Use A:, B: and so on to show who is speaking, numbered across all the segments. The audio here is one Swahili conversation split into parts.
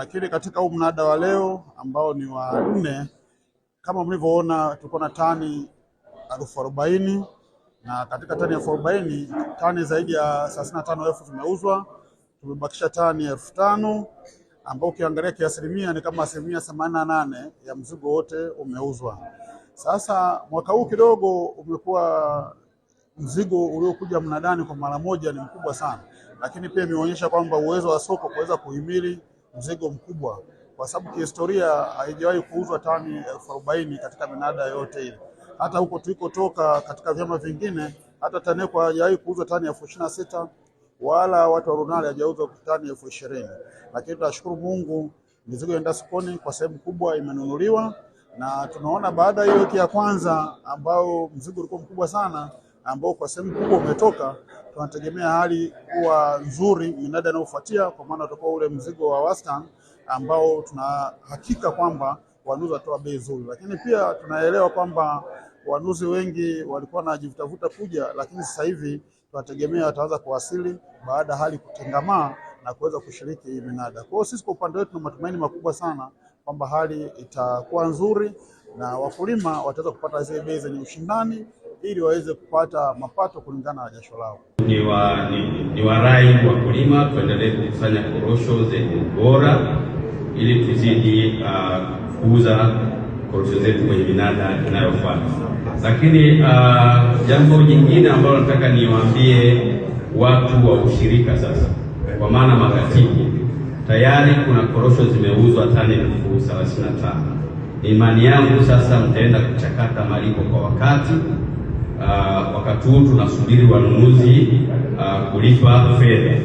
A: Lakini katika huu mnada wa leo ambao ni wa nne, kama mlivyoona, tuko na tani elfu arobaini na katika tani elfu arobaini tani zaidi ya thelathini na tano elfu zimeuzwa, tumebakisha tani elfu tano ambao ukiangalia kiasilimia ni kama asilimia themanini na nane ya mzigo wote umeuzwa. Sasa mwaka huu kidogo umekuwa mzigo uliokuja mnadani kwa mara moja ni mkubwa sana, lakini pia imeonyesha kwamba uwezo wa soko kuweza kuhimili mzigo mkubwa, kwa sababu kihistoria haijawahi kuuzwa tani elfu arobaini katika minada yote ile. Hata huko tulikotoka katika vyama vingine, hata TANECU haijawahi kuuzwa tani elfu ishirini na sita wala watu wa Runali hajauza tani elfu ishirini lakini tunashukuru Mungu mizigo inaenda sokoni kwa sehemu kubwa imenunuliwa, na tunaona baada ya wiki ya kwanza ambao mzigo ulikuwa mkubwa sana ambao kwa sehemu kubwa umetoka, tunategemea hali kuwa nzuri minada inayofuatia, kwa maana utakuwa ule mzigo wa wastani ambao tunahakika kwamba wanunuzi watoa bei nzuri, lakini pia tunaelewa kwamba wanunuzi wengi walikuwa wanajivutavuta kuja, lakini sasa hivi tunategemea wataanza kuwasili baada hali kutengamaa na kuweza kushiriki minada. Kwa hiyo sisi kwa upande wetu tuna matumaini makubwa sana kwamba hali itakuwa nzuri na wakulima wataweza kupata zile bei zenye ushindani ili waweze kupata mapato kulingana na jasho lao.
B: Ni wa ni, ni warai wakulima tuendelee kukusanya korosho zenye ubora ili tuzidi uh, kuuza korosho zetu kwenye minada inayofuata. Lakini uh, jambo jingine ambalo nataka niwaambie watu wa ushirika sasa, kwa maana makatibu, tayari kuna korosho zimeuzwa tani elfu thelathini na tano. Imani yangu sasa mtaenda kuchakata malipo kwa wakati uh, wakati huu tunasubiri wanunuzi uh, kulipa fedha,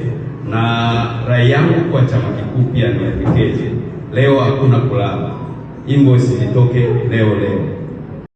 B: na rai yangu kwa chama kikuu pia niafikeze, leo hakuna kulala, invoice itoke leo leo.